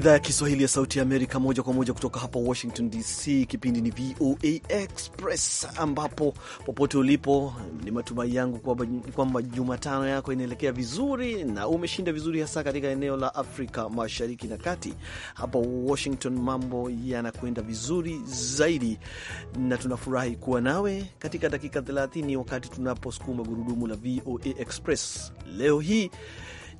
idhaa ya Kiswahili ya Sauti ya Amerika moja kwa moja kutoka hapa Washington DC. Kipindi ni VOA Express, ambapo popote ulipo, ni matumai yangu kwamba Jumatano yako inaelekea vizuri na umeshinda vizuri, hasa katika eneo la Afrika Mashariki na Kati. Hapa Washington mambo yanakwenda vizuri zaidi, na tunafurahi kuwa nawe katika dakika 30 wakati tunaposukuma gurudumu la VOA Express leo hii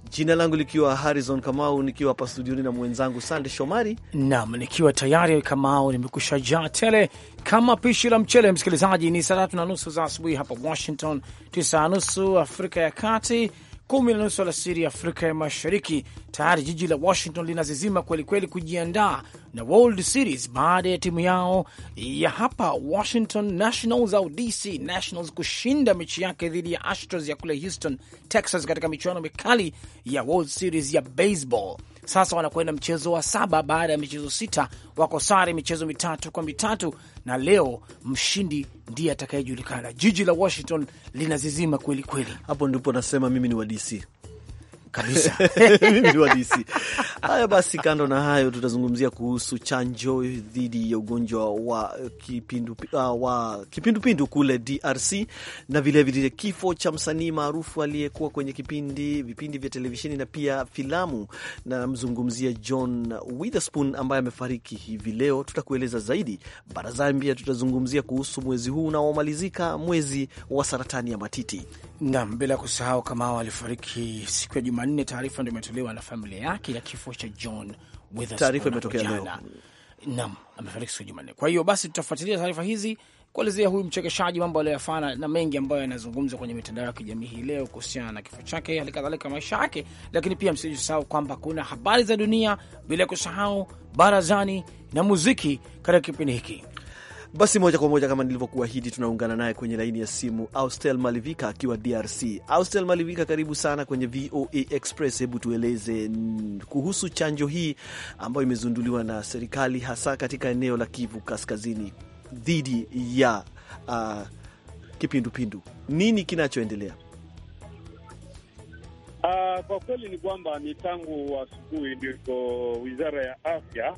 Jina langu likiwa Harrison Kamau, nikiwa hapa studioni na mwenzangu Sande Shomari nam, nikiwa tayari Kamau nimekusha jaa tele kama pishi la mchele. Msikilizaji, ni saa tatu na nusu za asubuhi hapa Washington, tisa na nusu Afrika ya Kati kumi na nusu alasiri Afrika ya Mashariki. Tayari jiji la Washington linazizima kwelikweli kujiandaa na World Series baada ya timu yao ya hapa Washington Nationals au DC Nationals kushinda mechi yake dhidi ya Astros ya kule Houston, Texas, katika michuano mikali ya World Series ya baseball. Sasa wanakwenda mchezo wa saba baada ya michezo sita, wako sare michezo mitatu kwa mitatu, na leo mshindi ndiye atakayejulikana. Jiji la Washington linazizima kweli kweli. Hapo ndipo nasema mimi ni wa DC kabisa haya. Basi, kando na hayo, tutazungumzia kuhusu chanjo dhidi ya ugonjwa wa kipindu, uh, wa kipindupindu kule DRC na vilevile kifo cha msanii maarufu aliyekuwa kwenye kipindi vipindi vya televisheni na pia filamu, na mzungumzia John Witherspoon ambaye amefariki hivi leo. Tutakueleza zaidi barazani. Pia tutazungumzia kuhusu mwezi huu unaomalizika, mwezi wa saratani ya matiti. Nam, bila kusahau Kamao alifariki siku ya Jumanne. Taarifa ndio imetolewa na familia yake ya kifo cha John Witherspoon. Taarifa imetokea leo. Nam amefariki siku ya Jumanne. Kwa hiyo basi, tutafuatilia taarifa hizi kuelezea huyu mchekeshaji mambo aliyoyafana na mengi ambayo yanazungumzwa kwenye mitandao ya kijamii hii leo kuhusiana na kifo chake, hali kadhalika maisha yake. Lakini pia msijisahau kwamba kuna habari za dunia, bila kusahau barazani na muziki katika kipindi hiki. Basi moja kwa moja kama nilivyokuahidi, tunaungana naye kwenye laini ya simu Austel Malivika akiwa DRC. Austel Malivika, karibu sana kwenye VOA Express. Hebu tueleze kuhusu chanjo hii ambayo imezunduliwa na serikali hasa katika eneo la Kivu Kaskazini dhidi ya uh, kipindupindu. Nini kinachoendelea? Uh, kwa kweli ni kwamba ni tangu asubuhi ndipo wizara ya afya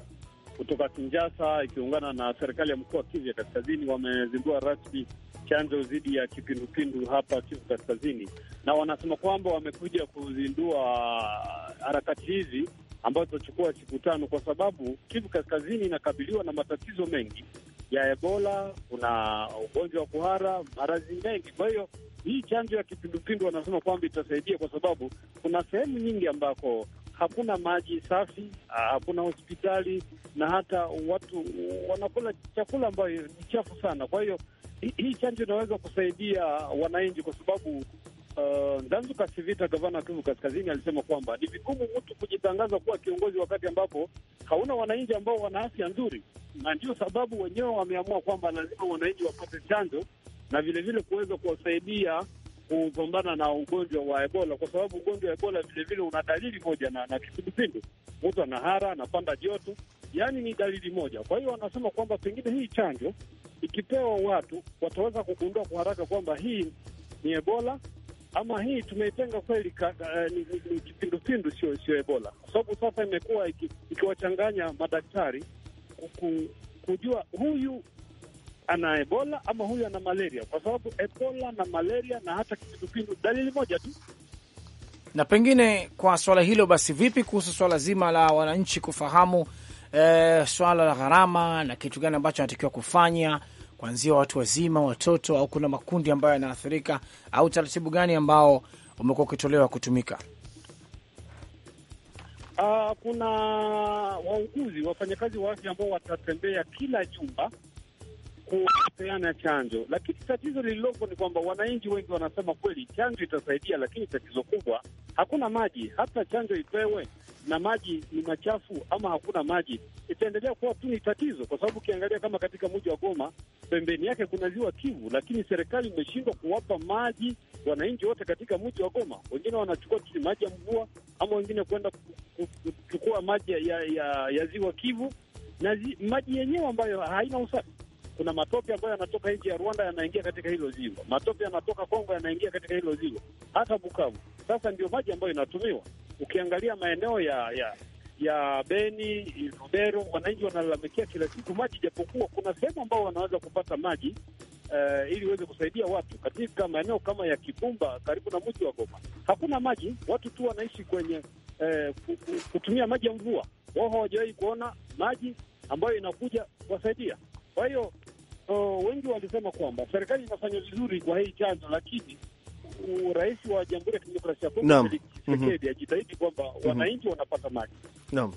kutoka Kinjasa ikiungana na serikali ya mkoa wa Kivu ya Kaskazini wamezindua rasmi chanjo dhidi ya kipindupindu hapa Kivu Kaskazini, na wanasema kwamba wamekuja kuzindua harakati hizi ambazo zitachukua siku tano, kwa sababu Kivu Kaskazini inakabiliwa na matatizo mengi ya Ebola, kuna ugonjwa wa kuhara, maradhi mengi. Kwa hiyo hii chanjo ya kipindupindu wanasema kwamba itasaidia, kwa sababu kuna sehemu nyingi ambako hakuna maji safi, ah, hakuna hospitali na hata watu wanakula chakula ambayo ni chafu sana. Kwa hiyo hii chanjo inaweza kusaidia wananchi kwa sababu Uh, Ndanzu Kasivita, gavana Kivu Kaskazini, alisema kwamba ni vigumu mtu kujitangaza kuwa kiongozi wakati ambapo hauna wananchi ambao wana afya nzuri, na ndio sababu wenyewe wameamua kwamba lazima wananchi wapate chanjo na vilevile kuweza kuwasaidia kugombana na ugonjwa wa Ebola, kwa sababu ugonjwa wa Ebola vilevile una dalili moja na, na kipindupindu. Mtu anahara, anapanda joto, yaani ni dalili moja. Kwa hiyo wanasema kwamba pengine hii chanjo ikipewa watu wataweza kugundua kwa haraka kwamba hii ni Ebola ama hii tumeitenga kweli, uh, ni, ni, ni kipindupindu, sio sio Ebola, kwa sababu sasa imekuwa ikiwachanganya iki madaktari kuku, kujua huyu ana Ebola ama huyu ana malaria, kwa sababu Ebola na malaria na hata kipindupindu dalili moja tu. Na pengine kwa swala hilo basi, vipi kuhusu swala zima la wananchi kufahamu eh, swala la gharama na kitu gani ambacho anatakiwa kufanya kuanzia watu wazima, watoto, au kuna makundi ambayo yanaathirika, au taratibu gani ambao umekuwa ukitolewa kutumika? Uh, kuna wauguzi, wafanyakazi wa afya ambao watatembea kila nyumba kupeana chanjo, lakini tatizo lililopo ni kwamba wananchi wengi wanasema kweli chanjo itasaidia, lakini tatizo kubwa hakuna maji. Hata chanjo ipewe na maji ni machafu ama hakuna maji, itaendelea kuwa tu ni tatizo, kwa sababu ukiangalia kama katika mji wa Goma pembeni yake kuna ziwa Kivu, lakini serikali imeshindwa kuwapa maji wananchi wote katika mji wa Goma. Wengine wanachukua maji ya mvua ama wengine kuenda kuchukua maji ya, ya, ya ziwa Kivu na zi, maji yenyewe ambayo haina usafi kuna matope ambayo yanatoka nchi ya Rwanda yanaingia katika hilo ziwa, matope yanatoka Kongo yanaingia katika hilo ziwa, hata Bukavu. Sasa ndio maji ambayo inatumiwa. Ukiangalia maeneo ya ya ya Beni, Rubero, wananchi wanalalamikia kila siku maji, japokuwa kuna sehemu ambao wanaweza kupata maji Uh, ili iweze kusaidia watu katika maeneo kama ya Kibumba karibu na mji wa Goma, hakuna maji, watu tu wanaishi kwenye uh, kutumia maji ya mvua. Wao hawajawahi kuona maji ambayo inakuja kuwasaidia. Kwa hiyo uh, wengi walisema kwamba serikali inafanya vizuri kwa hii chanjo, lakini rais wa Jamhuri ya Kidemokrasia ya Kongo mhm. Tshisekedi ajitahidi kwamba mhm. wananchi wanapata maji. Naam.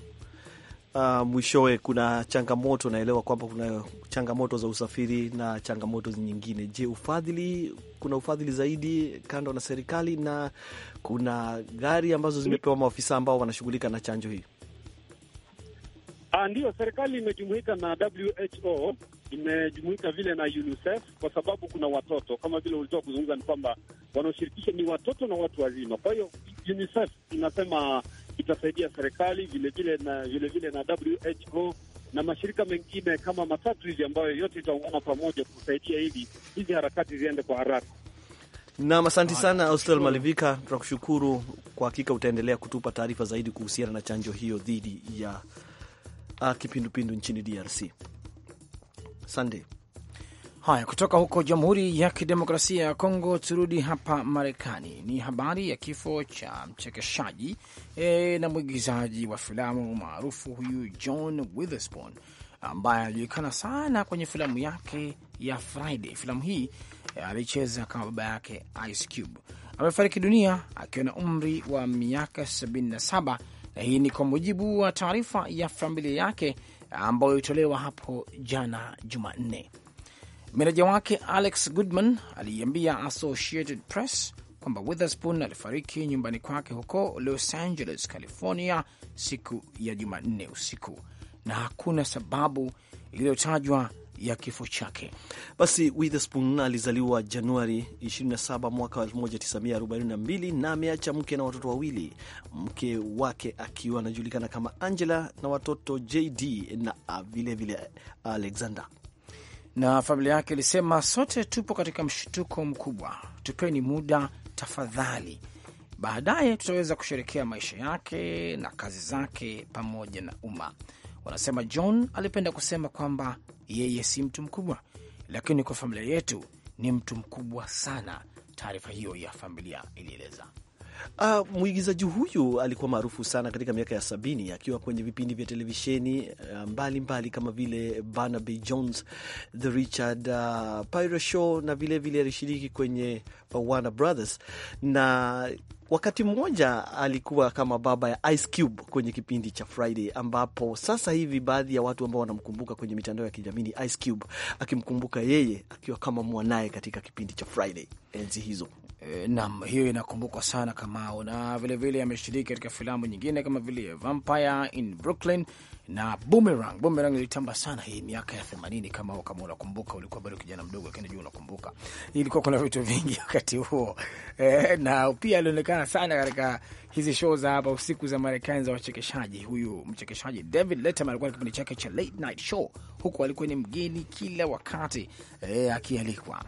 Uh, mwishowe kuna changamoto, naelewa kwamba kuna changamoto za usafiri na changamoto nyingine. Je, ufadhili, kuna ufadhili zaidi kando na serikali, na kuna gari ambazo zimepewa maafisa ambao wanashughulika na chanjo hii? Ah, Ndiyo, serikali imejumuika na WHO, imejumuika vile na UNICEF kwa sababu kuna watoto kama vile ulitoa kuzungumza, ni kwamba wanaoshirikisha ni watoto na watu wazima. Kwa hiyo UNICEF inasema itasaidia serikali vilevile na vilevile na WHO na mashirika mengine kama matatu hivi ambayo yote itaungana pamoja kusaidia hili hizi harakati ziende kwa haraka. Nam, asanti sana Austel Malivika, tunakushukuru. Kwa hakika utaendelea kutupa taarifa zaidi kuhusiana na chanjo hiyo dhidi ya uh, kipindupindu nchini DRC. Sande. Haya, kutoka huko Jamhuri ya Kidemokrasia ya Kongo turudi hapa Marekani. Ni habari ya kifo cha mchekeshaji e, na mwigizaji wa filamu maarufu huyu John Witherspoon ambaye anajulikana sana kwenye filamu yake ya Friday. Filamu hii eh, alicheza kama baba yake Ice Cube. Amefariki dunia akiwa na umri wa miaka 77 na hii ni kwa mujibu wa taarifa ya familia yake ambayo ilitolewa hapo jana Jumanne. Meneja wake Alex Goodman aliiambia Associated Press kwamba Witherspoon alifariki nyumbani kwake huko Los Angeles, California siku ya Jumanne usiku na hakuna sababu iliyotajwa ya kifo chake. Basi Witherspoon alizaliwa Januari 27 mwaka 1942 na ameacha mke na watoto wawili, mke wake akiwa anajulikana kama Angela na watoto JD na vilevile ah, vile ah, Alexander na familia yake ilisema, sote tupo katika mshtuko mkubwa, tupeni muda tafadhali, baadaye tutaweza kusherekea maisha yake na kazi zake pamoja na umma. Wanasema John alipenda kusema kwamba yeye si mtu mkubwa, lakini kwa familia yetu ni mtu mkubwa sana. Taarifa hiyo ya familia ilieleza. Uh, ah, mwigizaji huyu alikuwa maarufu sana katika miaka ya sabini akiwa kwenye vipindi vya televisheni ah, mbalimbali uh, mbali kama vile Barnaby Jones, The Richard uh, ah, Pryor Show na vilevile alishiriki kwenye uh, Warner Brothers na wakati mmoja alikuwa kama baba ya Ice Cube kwenye kipindi cha Friday, ambapo sasa hivi baadhi ya watu ambao wanamkumbuka kwenye mitandao ya kijamii ni Ice Cube akimkumbuka yeye akiwa kama mwanaye katika kipindi cha Friday enzi hizo. Eh, naam, hiyo inakumbukwa sana Kamau, na vilevile ameshiriki katika filamu nyingine kama vile Vampire in Brooklyn na Boomerang. Boomerang ilitamba sana hii miaka ya themanini, kama kama unakumbuka, ulikuwa bado kijana mdogo, lakini jua unakumbuka, ilikuwa kuna vitu vingi wakati huo e, na pia alionekana sana katika hizi show za hapa usiku za Marekani za wachekeshaji. Huyu mchekeshaji David Letterman alikuwa na kipindi chake cha late night show, huku alikuwa ni mgeni kila wakati e, akialikwa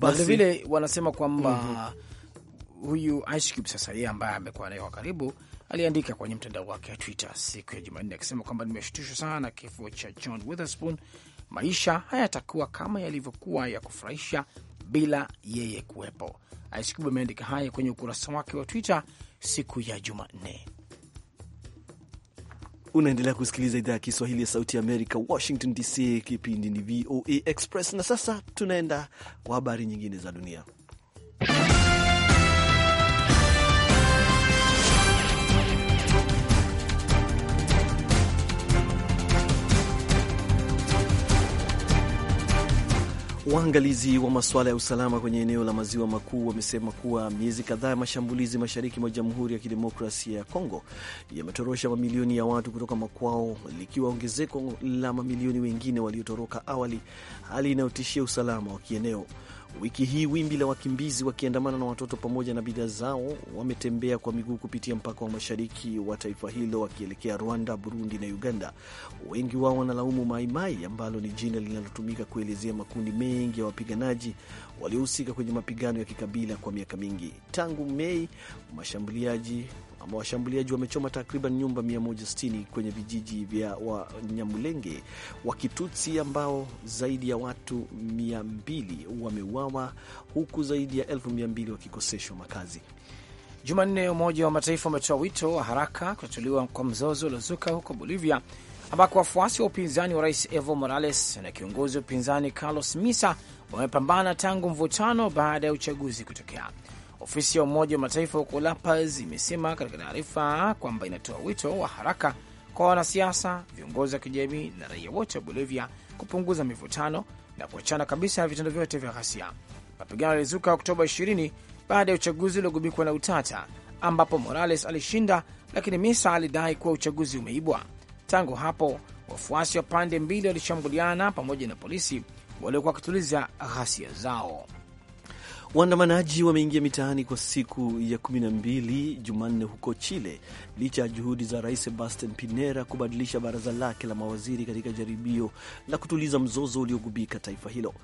Vilevile wanasema kwamba mm -hmm. huyu Ice Cube sasa, yeye ambaye amekuwa naye kwa karibu aliandika kwenye mtandao wake wa Twitter siku ya Jumanne akisema kwamba nimeshtushwa sana na kifo cha John Witherspoon. Maisha hayatakuwa kama yalivyokuwa ya kufurahisha bila yeye kuwepo. Ice Cube ameandika haya kwenye ukurasa wake wa Twitter siku ya Jumanne. Unaendelea kusikiliza idhaa ya Kiswahili ya Sauti ya Amerika, Washington DC. Kipindi ni VOA Express, na sasa tunaenda kwa habari nyingine za dunia. Waangalizi wa masuala ya usalama kwenye eneo la maziwa makuu wamesema kuwa miezi kadhaa ya mashambulizi mashariki mwa Jamhuri ya Kidemokrasia ya Kongo yametorosha mamilioni ya watu kutoka makwao, likiwa ongezeko la mamilioni wengine waliotoroka awali, hali inayotishia usalama wa kieneo. Wiki hii wimbi la wakimbizi wakiandamana na watoto pamoja na bidhaa zao wametembea kwa miguu kupitia mpaka wa mashariki wa taifa hilo wakielekea Rwanda, Burundi na Uganda. Wengi wao wanalaumu Maimai ambalo ni jina linalotumika kuelezea makundi mengi ya wapiganaji waliohusika kwenye mapigano ya kikabila kwa miaka mingi. Tangu Mei, mashambuliaji ama washambuliaji wamechoma takriban nyumba 160 kwenye vijiji vya Wanyamulenge wa Kitutsi ambao zaidi ya watu 200 wameuawa huku zaidi ya 1200 wakikoseshwa makazi. Jumanne, Umoja wa Mataifa umetoa wito wa haraka kutatuliwa kwa mzozo uliozuka huko Bolivia ambako wafuasi wa upinzani wa rais Evo Morales na kiongozi wa upinzani Carlos Misa wamepambana tangu mvutano baada ya uchaguzi kutokea. Ofisi ya Umoja wa Mataifa huko La Paz imesema katika taarifa kwamba inatoa wito wa haraka kwa wanasiasa, viongozi wa kijamii na raia wote wa Bolivia kupunguza mivutano na kuachana kabisa na vitendo vyote vya ghasia. Mapigano yalizuka Oktoba 20 baada ya uchaguzi uliogubikwa na utata ambapo Morales alishinda, lakini Misa alidai kuwa uchaguzi umeibwa. Tangu hapo wafuasi wa pande mbili walishambuliana pamoja na polisi waliokuwa wakituliza ghasia zao. Waandamanaji wameingia mitaani kwa siku ya kumi na mbili Jumanne huko Chile licha ya juhudi za Rais Sebastian Pinera kubadilisha baraza lake la mawaziri katika jaribio la kutuliza mzozo uliogubika taifa hilo.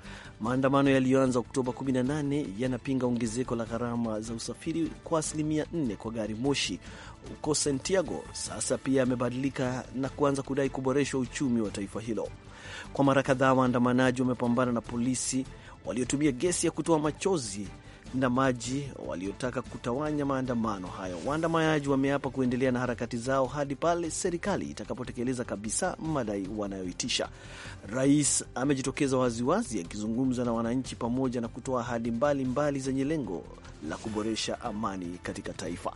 Maandamano yaliyoanza Oktoba 18 yanapinga ongezeko la gharama za usafiri kwa asilimia 4 kwa gari moshi huko Santiago. Sasa pia yamebadilika na kuanza kudai kuboreshwa uchumi wa taifa hilo. Kwa mara kadhaa waandamanaji wamepambana na polisi waliotumia gesi ya kutoa machozi na maji waliotaka kutawanya maandamano hayo. Waandamanaji wameapa kuendelea na harakati zao hadi pale serikali itakapotekeleza kabisa madai wanayoitisha. Rais amejitokeza waziwazi akizungumza na wananchi pamoja na kutoa ahadi mbalimbali zenye lengo la kuboresha amani katika taifa.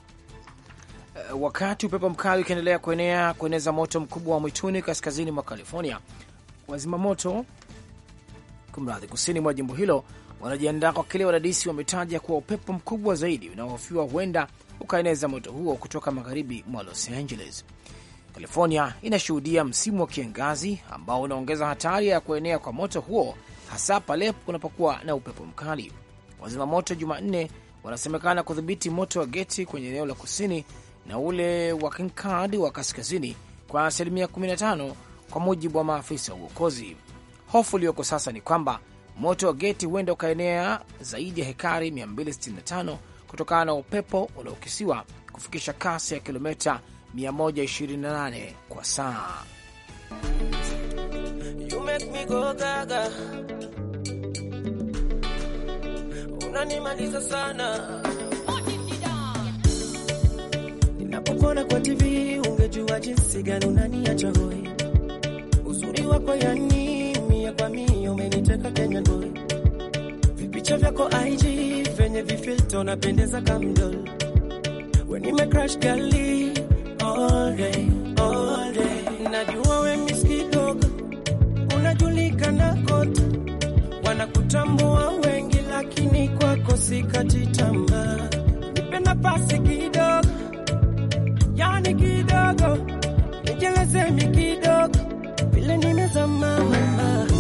Eh, wakati upepo mkali ukiendelea kuenea kueneza moto mkubwa wa mwituni kaskazini mwa California, wazima moto kumradhi, kusini mwa jimbo hilo wanajiandaa kwa kile wadadisi wametaja kuwa upepo mkubwa zaidi unaohofiwa huenda ukaeneza moto huo kutoka magharibi mwa Los Angeles. California inashuhudia msimu wa kiangazi ambao unaongeza hatari ya kuenea kwa moto huo, hasa pale kunapokuwa na upepo mkali. Wazima moto Jumanne wanasemekana kudhibiti moto wa geti kwenye eneo la kusini na ule wa Kincard wa kaskazini kwa asilimia 15 kwa mujibu wa maafisa wa uokozi. Hofu iliyoko sasa ni kwamba moto wa geti huenda ukaenea zaidi ya hekari 265 kutokana na upepo unaokisiwa kufikisha kasi ya kilomita 128 kwa saa. Unanimaliza sana ninapokuona kwa TV, ungejua jinsi gani unaniacha hoi, uzuri wako yani kwa mie, umeniteka Kenya doll, vipicha vyako IG venye vifilto napendeza doll. we nime crash gali all day all day, najua we miski dogo, unajulikana kote, wanakutambua wengi, lakini kwako sikati tamaa, nipe nafasi kidogo, yani kidogo nijelezemi kidogo vile nimezama mama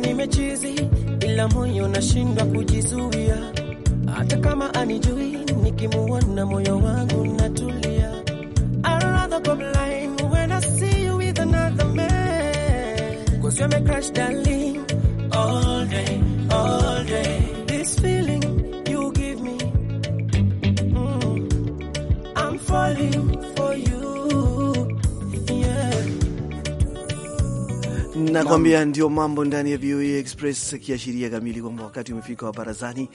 kuwa nimechizi, ila moyo nashindwa kujizuia. Hata kama anijui, nikimuona moyo wangu natulia. another go blind when I see you with man. Cause you're my crush darling, all day, all day nakwambia ndio mambo ndani ya VOA Express, kiashiria kamili kwamba wakati umefika wa barazani,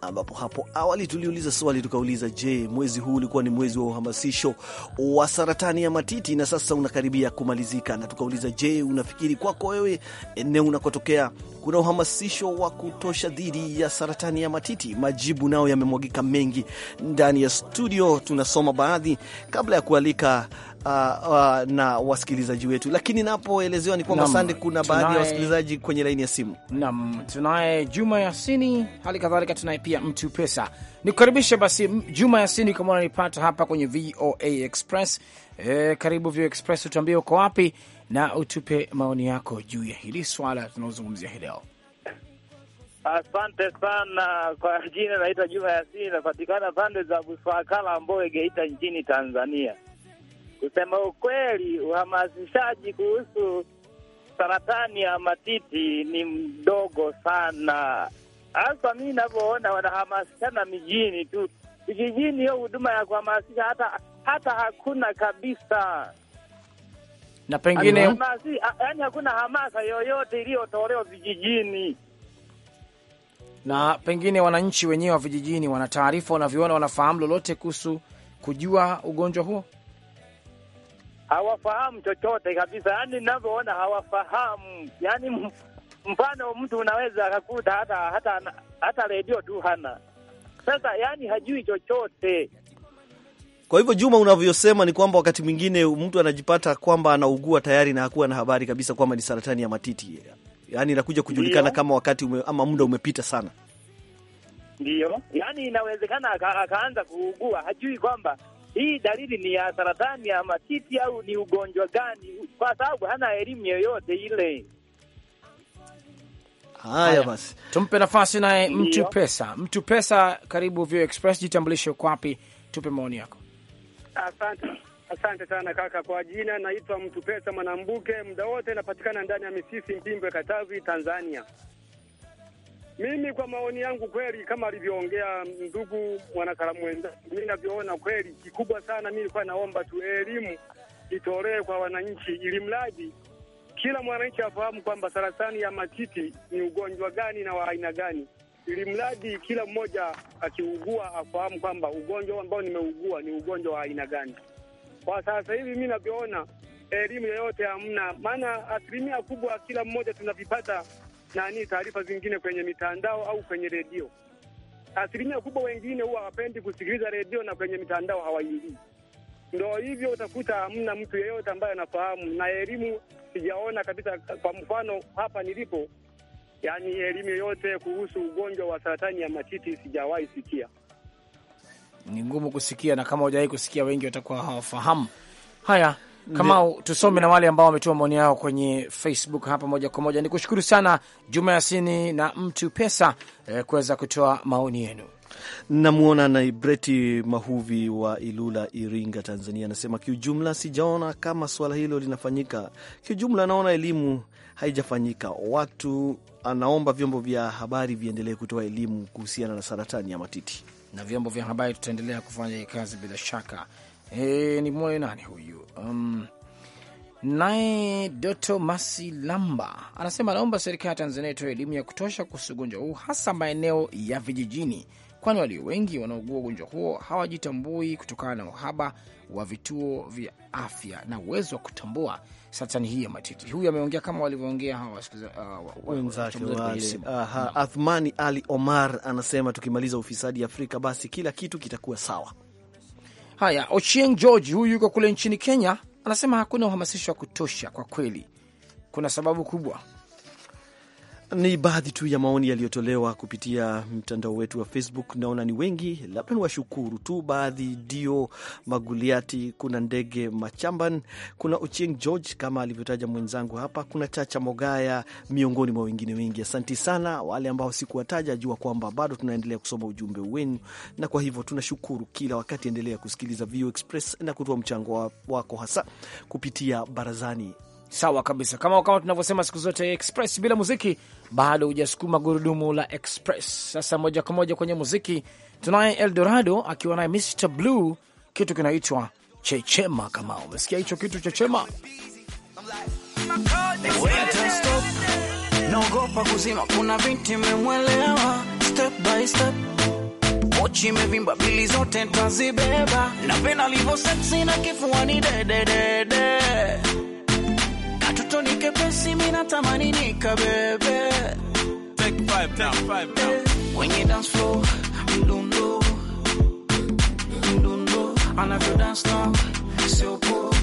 ambapo hapo awali tuliuliza swali tukauliza, je, mwezi huu ulikuwa ni mwezi wa uhamasisho wa saratani ya matiti na sasa unakaribia kumalizika, na tukauliza, je, unafikiri kwako wewe eneo unakotokea kuna uhamasisho wa kutosha dhidi ya saratani ya matiti? Majibu nayo yamemwagika mengi ndani ya studio, tunasoma baadhi kabla ya kualika uh, uh, na wasikilizaji wetu, lakini napoelezewa ni kwamba sande, kuna baadhi ya wasikilizaji kwenye laini ya simu. Naam, tunaye Juma Yasini, hali kadhalika tunaye pia mtu pesa. Nikukaribishe basi Juma Yasini, kama unanipata hapa kwenye VOA Express. E, karibu VOA Express, utuambie uko wapi na utupe maoni yako juu ya hili swala tunaozungumzia hii leo. Asante sana kwa jina, naitwa Juma Yasini, napatikana pande za Buswakala, Mbowe, Geita nchini Tanzania kusema ukweli, uhamasishaji kuhusu saratani ya matiti ni mdogo sana, hasa mi navyoona wanahamasishana mijini tu. Vijijini hiyo huduma ya kuhamasisha hata hata hakuna kabisa, na pengine yaani hakuna hamasa yoyote iliyotolewa vijijini na pengine wananchi wenyewe wa vijijini wana taarifa, wanavyoona, wanafahamu lolote kuhusu kujua ugonjwa huo? hawafahamu chochote kabisa, yani ninavyoona hawafahamu. yani mfano mtu unaweza akakuta hata hata hata redio tu hana, sasa yani hajui chochote. Kwa hivyo Juma, unavyosema ni kwamba wakati mwingine mtu anajipata kwamba anaugua tayari na hakuwa na habari kabisa kwamba ni saratani ya matiti, yaani inakuja kujulikana kama wakati ume, ama muda umepita sana. Ndiyo, yaani inawezekana akaanza kuugua hajui kwamba hii dalili ni ya saratani ya matiti au ni ugonjwa gani? Kwa sababu hana elimu yoyote ile. Haya basi, tumpe nafasi naye mtu pesa. Mtu pesa, karibu Vio Express, jitambulishe kwapi, tupe maoni yako. Asante, asante sana kaka. Kwa jina naitwa Mtu Pesa Mwanambuke, muda wote napatikana ndani ya Misisi, Mpimbwe, Katavi, Tanzania. Mimi kwa maoni yangu kweli, kama alivyoongea ndugu mwanakaramu mwenzangu, mimi ninavyoona kweli, kikubwa sana mimi nilikuwa naomba tu elimu itolewe kwa wananchi, ili mradi kila mwananchi afahamu kwamba saratani ya matiti ni ugonjwa gani na wa aina gani, ili mradi kila mmoja akiugua afahamu kwamba ugonjwa ambao nimeugua ni ugonjwa wa aina gani. Kwa sasa hivi mimi ninavyoona elimu yoyote hamna, maana asilimia kubwa kila mmoja tunavipata nani taarifa zingine kwenye mitandao au kwenye redio. Asilimia kubwa wengine huwa hawapendi kusikiliza redio na kwenye mitandao hawaingii. Ndo hivyo utakuta hamna mtu yeyote ambaye anafahamu, na elimu sijaona kabisa. Kwa mfano hapa nilipo, yani elimu yoyote kuhusu ugonjwa wa saratani ya matiti sijawahi sikia. Ni ngumu kusikia, na kama hujawahi kusikia, wengi watakuwa hawafahamu haya. Kama tusome na wale ambao wametuma maoni yao kwenye Facebook hapa moja kwa moja. Nikushukuru sana Juma Yasini na mtu pesa eh, kuweza kutoa maoni yenu. Namwona Naibreti Mahuvi wa Ilula, Iringa, Tanzania, anasema kiujumla, sijaona kama suala hilo linafanyika. Kiujumla naona elimu haijafanyika. Watu anaomba vyombo vya habari viendelee kutoa elimu kuhusiana na saratani ya matiti, na vyombo vya habari tutaendelea kufanya kazi bila shaka. E, ni mwoyo nani huyu Um, naye Doto Masilamba anasema anaomba serikali ya Tanzania itoe elimu ya kutosha kuhusu ugonjwa huu hasa maeneo ya vijijini, kwani walio wengi wanaogua ugonjwa huo hawajitambui kutokana na uhaba wa vituo vya afya na uwezo wa kutambua saratani hii ya matiti. Huyu ameongea kama walivyoongea hawa uh, wenzake. Mm. Athmani Ali Omar anasema tukimaliza ufisadi Afrika basi kila kitu kitakuwa sawa. Haya, Ochieng George huyu yuko kule nchini Kenya, anasema hakuna uhamasisho wa kutosha. Kwa kweli kuna sababu kubwa ni baadhi tu ya maoni yaliyotolewa kupitia mtandao wetu wa Facebook. Naona ni wengi, labda ni washukuru tu baadhi. Dio Maguliati, kuna Ndege Machamban, kuna Ochieng George kama alivyotaja mwenzangu hapa, kuna Chacha Mogaya, miongoni mwa wengine wengi. Asanti sana wale ambao sikuwataja, jua kwamba bado tunaendelea kusoma ujumbe wenu, na kwa hivyo tunashukuru kila wakati. Endelea kusikiliza VU Express na kutoa mchango wako hasa kupitia barazani Sawa kabisa, kama kama tunavyosema siku zote, Express bila muziki bado hujasukuma gurudumu la Express. Sasa moja kwa moja kwenye muziki, tunaye Eldorado akiwa naye Mr Blue, kitu kinaitwa Chechema. Kama umesikia hicho kitu Chechema, naogopa kuzima, kuna binti imemwelewa, step by step mochi imevimba, pili zote ntazibeba, napenda alivyo sexy na kifuani dededede kepesi, mimi natamani nika bebe. Take five now, five now. When you dance floor, mdundo, mdundo, anavyo dance now, sio poa.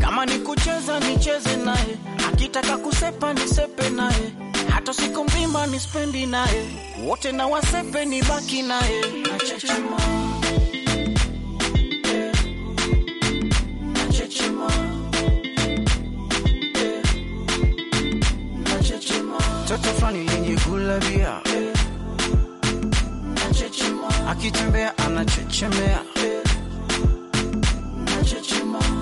Kama ni kucheza nicheze naye, akitaka kusepa nisepe naye, hata siku mzima nispendi naye, wote na wasepe nibaki naye, nachechema mtoto fulani yenye kulabia, akitembea anachechemea,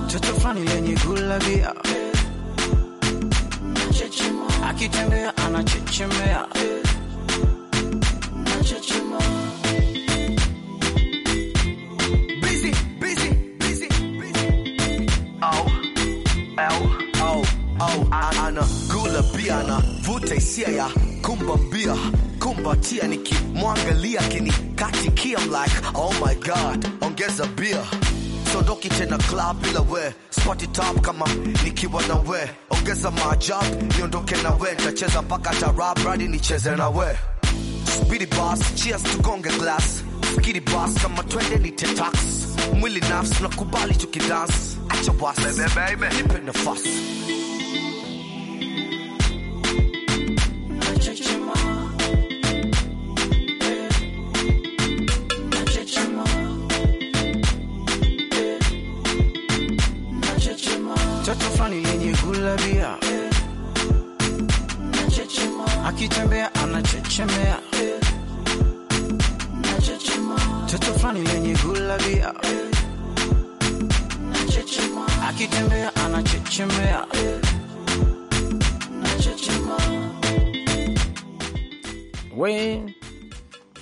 mtoto fulani yenye kulabia, akitembea anachechemea kula bia na vuta hisia ya kumbambia kumbatia, nikimwangalia akinikatikia, I'm like oh my god, ongeza bia Sondoki tena club bila we spoti top kama nikiwa na we, ongeza maajabu niondoke na we, ntacheza mpaka tarab radi nicheze na we. Speedy boss, cheers tugonge glass, fikiri boss kama twende ni tetax mwili nafsi kubali tukidance, acha wasi nipe nafasi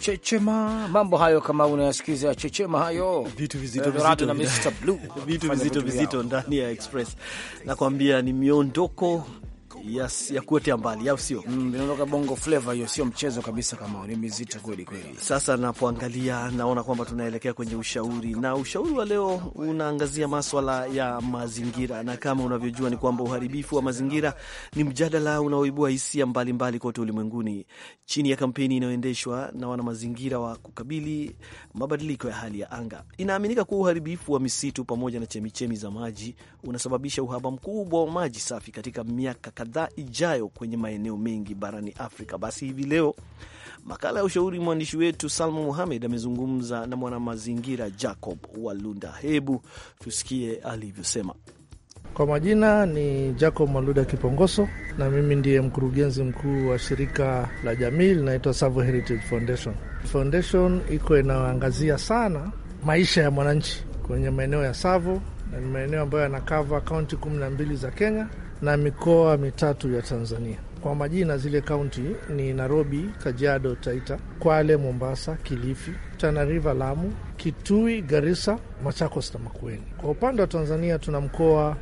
Chechema, mambo hayo kama unayasikiza, chechema hayo, vitu vizito eh, vizito na Mr. Blue, vitu vizito vizito ndani ya Express, nakwambia ni miondoko yes, ya kuotea mbali, au sio? Mm, inaondoka bongo flavor hiyo, sio mchezo kabisa, kama ni mizito kweli kweli. Sasa napoangalia naona kwamba tunaelekea kwenye ushauri, na ushauri wa leo unaangazia maswala ya mazingira, na kama unavyojua ni kwamba uharibifu wa mazingira ni mjadala unaoibua hisia mbalimbali kote ulimwenguni chini ya kampeni inayoendeshwa na wana mazingira wa kukabili mabadiliko ya hali ya anga. Inaaminika kuwa uharibifu wa misitu pamoja na chemichemi za maji unasababisha uhaba mkubwa wa maji safi katika miaka kadhaa kadhaa ijayo kwenye maeneo mengi barani Afrika. Basi hivi leo makala ya ushauri, mwandishi wetu Salma Muhamed amezungumza na mwanamazingira Jacob Walunda. Hebu tusikie alivyosema. Kwa majina ni Jacob Maluda Kipongoso, na mimi ndiye mkurugenzi mkuu wa shirika la jamii linaitwa Savo Heritage Foundation. Foundation iko inayoangazia sana maisha ya mwananchi kwenye maeneo ya Savo na ni maeneo ambayo yanakava kaunti kumi na mbili za Kenya na mikoa mitatu ya Tanzania. Kwa majina, zile kaunti ni Nairobi, Kajiado, Taita, Kwale, Mombasa, Kilifi, Tana River, Lamu, Kitui, Garissa, Machakos na Makueni. Kwa upande wa Tanzania tuna mkoa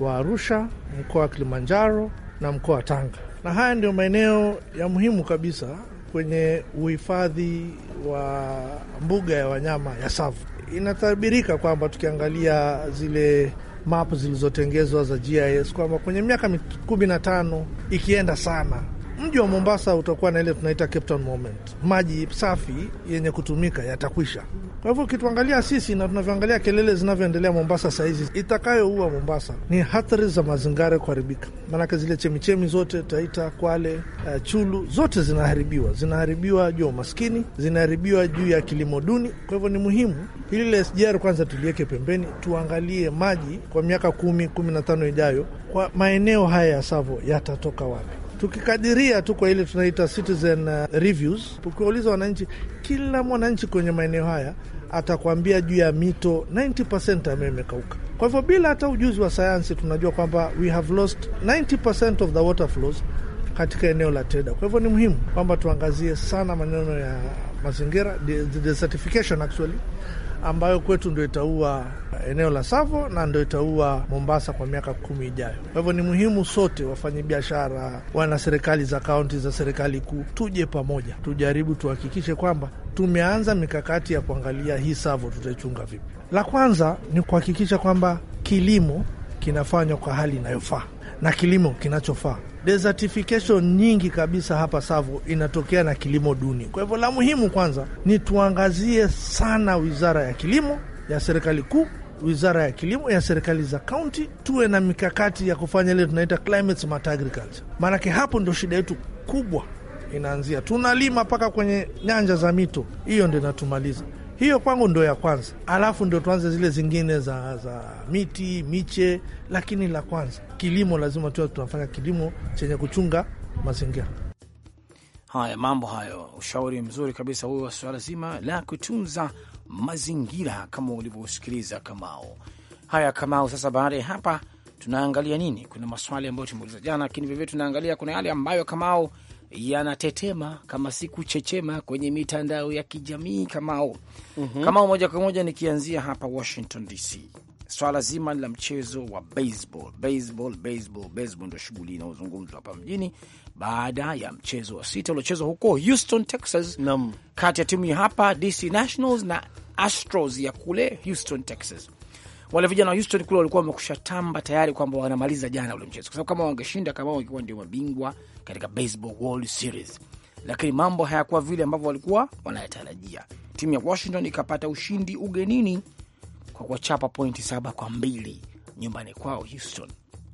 wa Arusha, mkoa wa Kilimanjaro na mkoa wa Tanga, na haya ndio maeneo ya muhimu kabisa kwenye uhifadhi wa mbuga ya wanyama ya Tsavo inatabirika kwamba tukiangalia zile map zilizotengezwa za GIS kwamba kwenye miaka kumi na tano ikienda sana Mji wa Mombasa utakuwa na ile tunaita Cape Town moment, maji safi yenye kutumika yatakwisha. Kwa hivyo ukituangalia sisi na tunavyoangalia kelele zinavyoendelea Mombasa sahizi, itakayoua Mombasa ni hathari za mazingara kuharibika, maanake zile chemichemi zote Taita, Kwale, uh, Chulu zote zinaharibiwa, zinaharibiwa juu ya umaskini, zinaharibiwa juu ya kilimo duni. Kwa hivyo ni muhimu hili la SGR kwanza tuliweke pembeni, tuangalie maji kwa miaka kumi, kumi na tano ijayo, kwa maeneo haya ya Savo yatatoka wapi? tukikadiria tu kwa ile tunaita citizen uh, reviews. Ukiwauliza wananchi, kila mwananchi kwenye maeneo haya atakwambia juu ya mito 90% ambayo imekauka. Kwa hivyo bila hata ujuzi wa sayansi tunajua kwamba we have lost 90% of the water flows katika eneo la Teda. Kwa hivyo ni muhimu kwamba tuangazie sana maneno ya mazingira, certification actually ambayo kwetu ndo itaua eneo la Savo na ndo itaua Mombasa kwa miaka kumi ijayo. Kwa hivyo ni muhimu sote, biashara wana serikali za kaunti, za serikali kuu, tuje pamoja, tujaribu tuhakikishe kwamba tumeanza mikakati ya kuangalia hii Savo tutaichunga vipi. La kwanza ni kuhakikisha kwamba kilimo kinafanywa kwa hali inayofaa na kilimo kinachofaa. Desertification nyingi kabisa hapa Savo inatokea na kilimo duni. Kwa hivyo la muhimu kwanza ni tuangazie sana wizara ya kilimo ya serikali kuu wizara ya kilimo ya serikali za kaunti, tuwe na mikakati ya kufanya ile tunaita climate smart agriculture. Maanake hapo ndio shida yetu kubwa inaanzia. Tunalima mpaka kwenye nyanja za mito, hiyo ndo inatumaliza. Hiyo kwangu ndo ya kwanza, alafu ndo tuanze zile zingine za, za miti miche. Lakini la kwanza kilimo, lazima tuwe tunafanya kilimo chenye kuchunga mazingira. Haya mambo hayo, ushauri mzuri kabisa huyo wa suala zima la kutunza mazingira kama ulivyosikiliza Kamao. Haya Kamao, sasa baada ya hapa tunaangalia nini? Kuna maswali ambayo tumeuliza jana, lakini vilevile tunaangalia kuna yale ambayo Kamao yanatetema kama si kuchechema kwenye mitandao ya kijamii kamao. mm -hmm. Kamao, moja kwa moja nikianzia hapa Washington DC, swala so zima la mchezo wa baseball. Baseball, baseball, baseball ndo shughuli inayozungumzwa hapa mjini baada ya mchezo wa sita uliochezwa huko Houston, Texas, kati ya timu ya hapa DC Nationals na Astros ya kule Houston, Texas wale vijana wa Houston kule walikuwa wamekushatamba tayari kwamba wanamaliza jana ule mchezo, kwa sababu kama wangeshinda kama wangekuwa ndio mabingwa katika baseball world series, lakini mambo hayakuwa vile ambavyo walikuwa wanayatarajia. Timu ya Washington ikapata ushindi ugenini kwa kuwachapa pointi saba kwa mbili nyumbani kwao Houston.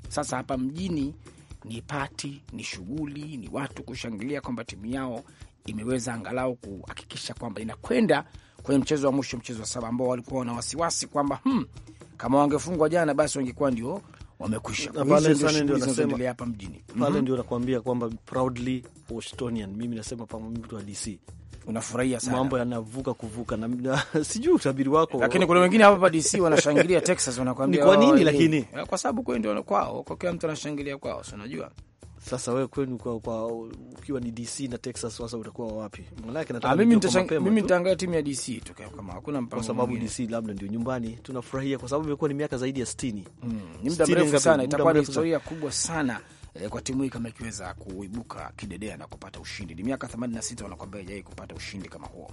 Sasa hapa mjini ni pati, ni shughuli, ni watu kushangilia kwamba timu yao imeweza angalau kuhakikisha kwamba inakwenda kwenye mchezo wa mwisho, mchezo wa saba ambao walikuwa wana wasiwasi kwamba hmm, kama wangefungwa jana, basi wangekuwa ndio wamekwisha. Pale hapa mjini pale mhm. ndio nakwambia kwamba proudly Bostonian, mimi nasema kama mtu dc unafurahia sana mambo yanavuka kuvuka na, na sijui utabiri wako, lakini kuna wengine hapa DC wanashangilia Texas, wanakuambia ni kwa nini? Oh, lakini kwa sababu kwao ndio kwao, kwa kila mtu anashangilia kwao, si unajua sasa wewe kwenu kwa, kwa ukiwa ni DC na Texas sasa utakuwa wapi? Manake nataka ah, mimi nitashangaa, mimi nitaangalia timu ya DC tu kama hakuna mpango, kwa sababu DC labda ndio nyumbani tunafurahia, kwa sababu imekuwa ni miaka zaidi ya 60. Mm, ni muda mrefu sana, itakuwa ni historia kubwa sana eh, kwa timu hii kama ikiweza kuibuka kidedea na kupata ushindi. Ni miaka 86 wanakwambia haijawahi kupata ushindi kama huo.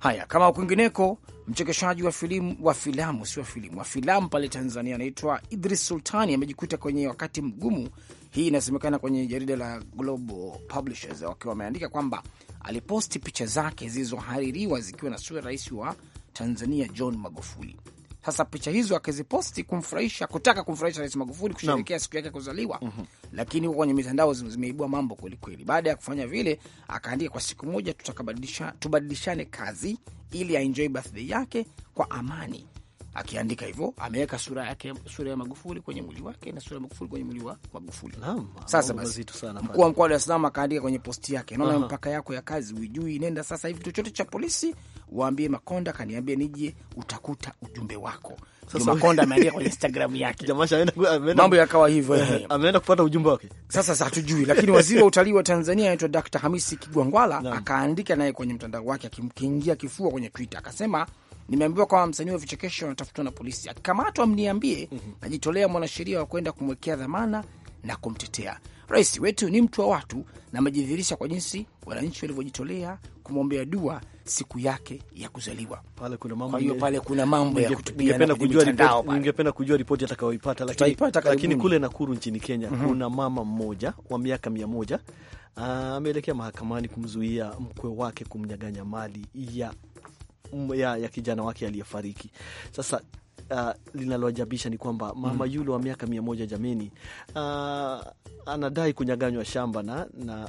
Haya, kama kwingineko, mchekeshaji wa filamu wa filamu sio filamu wa filamu pale Tanzania anaitwa Idris Sultani amejikuta kwenye wakati mgumu hii inasemekana kwenye jarida la Global Publishers wakiwa wameandika kwamba aliposti picha zake zilizohaririwa zikiwa na sura rais wa Tanzania John Magufuli. Sasa picha hizo akiziposti kumfurahisha, kutaka kumfurahisha Rais Magufuli kusherekea siku yake kuzaliwa mm -hmm. Lakini huko kwenye mitandao zimeibua mambo kwelikweli. Baada ya kufanya vile, akaandika kwa siku moja tutakabadilisha, tubadilishane kazi ili aenjoy birthday yake kwa amani akiandika hivyo ameweka sura yake, sura ya Magufuli kwenye mwili wake na sura ya Magufuli kwenye mwili wa Magufuli. Sasa basi, mkuu wa mkoa wa Dar es Salaam akaandika kwenye posti yake, naona mpaka yako ya kazi uijui, nenda sasa hivi chochote cha polisi waambie Makonda kaniambie nije, utakuta ujumbe wako. Makonda ameandika kwenye Instagram yake, mambo yakawa hivyo, eh. ameenda kupata ujumbe wake. Sasa sasa hatujui, lakini waziri wa utalii wa Tanzania anaitwa Dr. Hamisi Kigwangwala akaandika naye kwenye mtandao wake akimkingia kifua kwenye Twitter akasema nimeambiwa kwamba msanii wa vichekesho anatafutwa na polisi, akikamatwa mniambie. mm -hmm. Najitolea mwanasheria wa kwenda kumwekea dhamana na kumtetea. Rais wetu ni mtu wa watu na amejidhirisha kwa jinsi wananchi walivyojitolea kumwombea dua siku yake ya kuzaliwa. Pale kuna mambo, kwa hiyo pale kuna mambo ya kutupia. Ningependa kujua ripoti atakayoipata, lakini, lakini kule Nakuru nchini Kenya mm -hmm. kuna mama mmoja wa miaka mia moja ah, ameelekea mahakamani kumzuia mkwe wake kumnyaganya mali ya Um, ya, ya kijana wake aliyefariki. Sasa uh, linaloajabisha ni kwamba mama mm. yule wa miaka mia moja jameni, uh, anadai kunyaganywa shamba na, na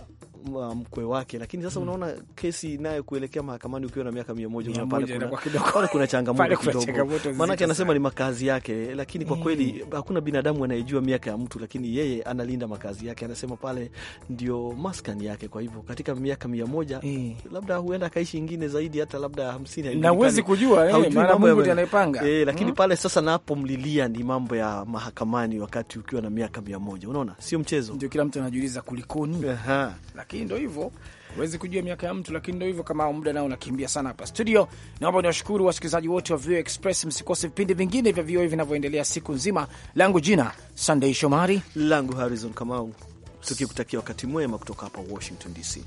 Uh, mkwe wake, lakini sasa hmm, unaona kesi naye kuelekea mahakamani ukiwa na miaka mia moja pale kuna changamoto kidogo, maanake anasema ni makazi yake, lakini kwa hmm. kweli hmm, hakuna binadamu anayejua miaka ya mtu, lakini yeye analinda makazi yake, anasema pale ndio maskani yake. Kwa hivyo katika miaka mia moja hmm, labda huenda akaishi ingine zaidi hata labda hamsini, nawezi kujua eh, maana Mungu ndiye anayepanga eh, lakini hmm, pale sasa napomlilia ni mambo ya mahakamani wakati ukiwa na miaka mia moja. Unaona sio mchezo, ndio kila mtu anajiuliza kulikoni. Aha. Lakini lakini ndo hivyo huwezi kujua miaka ya mtu, lakini ndo hivyo. Kama muda nao unakimbia sana hapa studio, naomba niwashukuru wasikilizaji wote wa VOA Express. Msikose vipindi vingine vya VOA vinavyoendelea siku nzima. Langu jina Sunday Shomari, langu Harrison Kamau, tukikutakia wakati mwema kutoka hapa Washington DC.